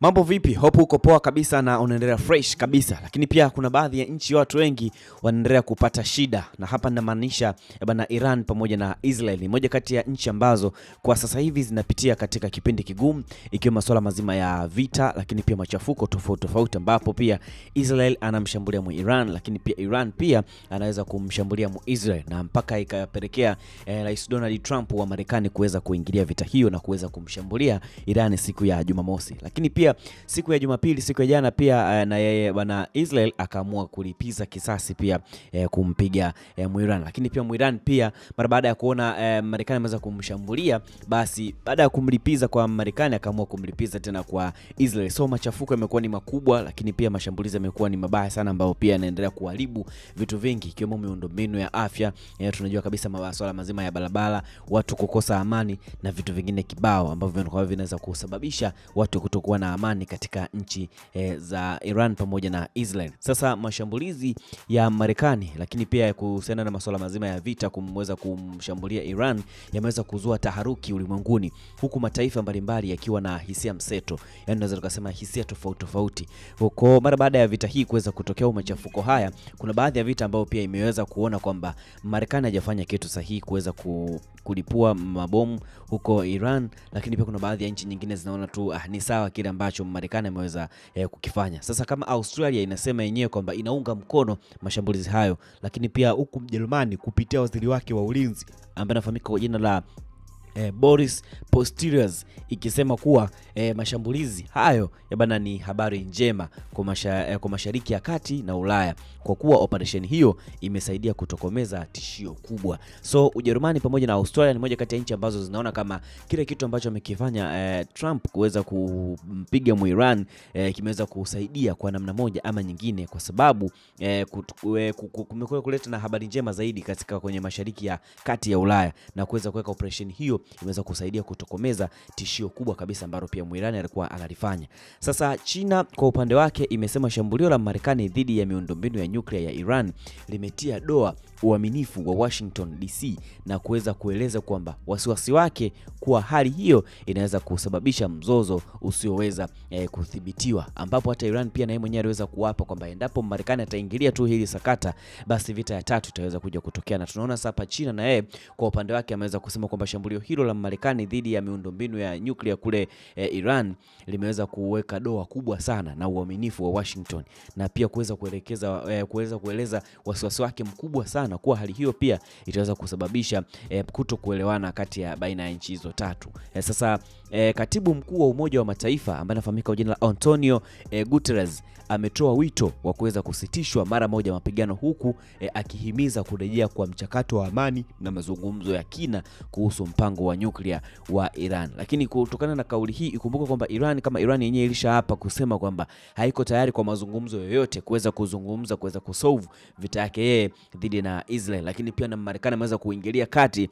Mambo vipi? Hope uko poa kabisa na unaendelea fresh kabisa, lakini pia kuna baadhi ya nchi watu wengi wanaendelea kupata shida, na hapa ninamaanisha eh, bana Iran pamoja na Israel. Ni moja kati ya nchi ambazo kwa sasa hivi zinapitia katika kipindi kigumu, ikiwa masuala mazima ya vita, lakini pia machafuko tofauti tofauti, ambapo pia Israel anamshambulia mu Iran, lakini pia Iran pia anaweza kumshambulia mu Israel, na mpaka ikapelekea eh, Rais Donald Trump wa Marekani kuweza kuingilia vita hiyo na kuweza kumshambulia Iran siku ya Jumamosi, lakini pia pia siku ya Jumapili, siku ya jana pia uh, na yeye bwana Israel akaamua kulipiza kisasi pia uh, kumpiga uh, eh, Mwiran, Lakini pia Mwiran pia mara baada ya kuona uh, Marekani ameweza kumshambulia, basi baada ya kumlipiza kwa Marekani akaamua kumlipiza tena kwa Israel. So machafuko yamekuwa ni makubwa, lakini pia mashambulizi yamekuwa ni mabaya sana, ambayo pia yanaendelea kuharibu vitu vingi ikiwemo miundombinu ya afya. uh, tunajua kabisa masuala mazima ya barabara, watu kukosa amani na vitu vingine kibao ambavyo vinaweza kusababisha watu kutokuwa na amani katika nchi e, za Iran pamoja na Israel. Sasa mashambulizi ya Marekani, lakini pia kuhusiana na masuala mazima ya vita kumweza kumshambulia Iran yameweza kuzua taharuki ulimwenguni, huku mataifa mbalimbali yakiwa na hisia mseto, yaani naweza tukasema hisia tofauti tofauti huko. Mara baada ya vita hii kuweza kutokea machafuko haya, kuna baadhi ya vita ambayo pia imeweza kuona kwamba Marekani hajafanya kitu sahihi kuweza ku, kulipua mabomu huko Iran, lakini pia kuna baadhi ya nchi nyingine zinaona tu ah, ni sawa kile ambacho ambacho Marekani ameweza eh, kukifanya. Sasa kama Australia inasema yenyewe kwamba inaunga mkono mashambulizi hayo, lakini pia huku Mjerumani kupitia waziri wake wa ulinzi ambaye anafahamika kwa jina la eh, Boris Pistorius ikisema kuwa e, mashambulizi hayo bana ni habari njema kwa, masha, eh, kwa Mashariki ya Kati na Ulaya kwa kuwa operation hiyo imesaidia kutokomeza tishio kubwa. So Ujerumani pamoja na Australia ni moja kati ya nchi ambazo zinaona kama kile kitu ambacho amekifanya e, Trump kuweza kumpiga Muiran e, kimeweza kusaidia kwa namna moja ama nyingine, kwa sababu e, kumekuwa kuleta na habari njema zaidi katika kwenye Mashariki ya Kati ya Ulaya na kuweza kuweka operation hiyo imeweza kusaidia kutokomeza tishio kubwa kabisa ambalo pia Mwirani alikuwa analifanya. Sasa China kwa upande wake imesema shambulio la Marekani dhidi ya miundombinu ya nyuklia ya Iran limetia doa uaminifu wa Washington DC na kuweza kueleza kwamba wasiwasi wake kuwa hali hiyo inaweza kusababisha mzozo usioweza eh, kudhibitiwa, ambapo hata Iran pia na yeye mwenyewe aliweza kuapa kwamba endapo Marekani ataingilia tu hili sakata, basi vita ya tatu itaweza kuja kutokea, na tunaona sasa China na yeye kwa upande wake ameweza kusema kwamba shambulio hilo la Marekani dhidi ya miundombinu ya nyuklia kule eh, Iran limeweza kuweka doa kubwa sana na uaminifu wa Washington na pia kuweza kuelekeza eh, kuweza kueleza wasiwasi wake mkubwa sana kuwa hali hiyo pia itaweza kusababisha eh, kuto kuelewana kati ya baina ya nchi hizo. Jumatatu. E, eh, sasa e, katibu mkuu wa Umoja wa Mataifa ambaye anafahamika kwa jina la Antonio e, Guterres ametoa wito wa kuweza kusitishwa mara moja mapigano huku e, akihimiza kurejea kwa mchakato wa amani na mazungumzo ya kina kuhusu mpango wa nyuklia wa Iran. Lakini kutokana na kauli hii, ikumbuka kwamba Iran kama Iran yenyewe ilishaapa kusema kwamba haiko tayari kwa mazungumzo yoyote kuweza kuzungumza kuweza kusolve vita yake yeye dhidi na Israel, lakini pia na Marekani ameweza kuingilia kati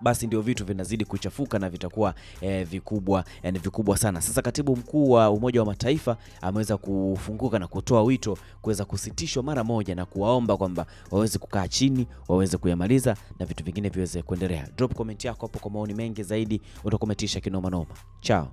basi ndio vitu vinazidi kuchafuka na vitakuwa e, vikubwa e, vikubwa sana. Sasa katibu mkuu wa Umoja wa Mataifa ameweza kufunguka na kutoa wito kuweza kusitishwa mara moja na kuwaomba kwamba waweze kukaa chini, waweze kuyamaliza na vitu vingine viweze kuendelea. Drop comment yako hapo kwa maoni mengi zaidi, utakometisha kinoma noma. Chao.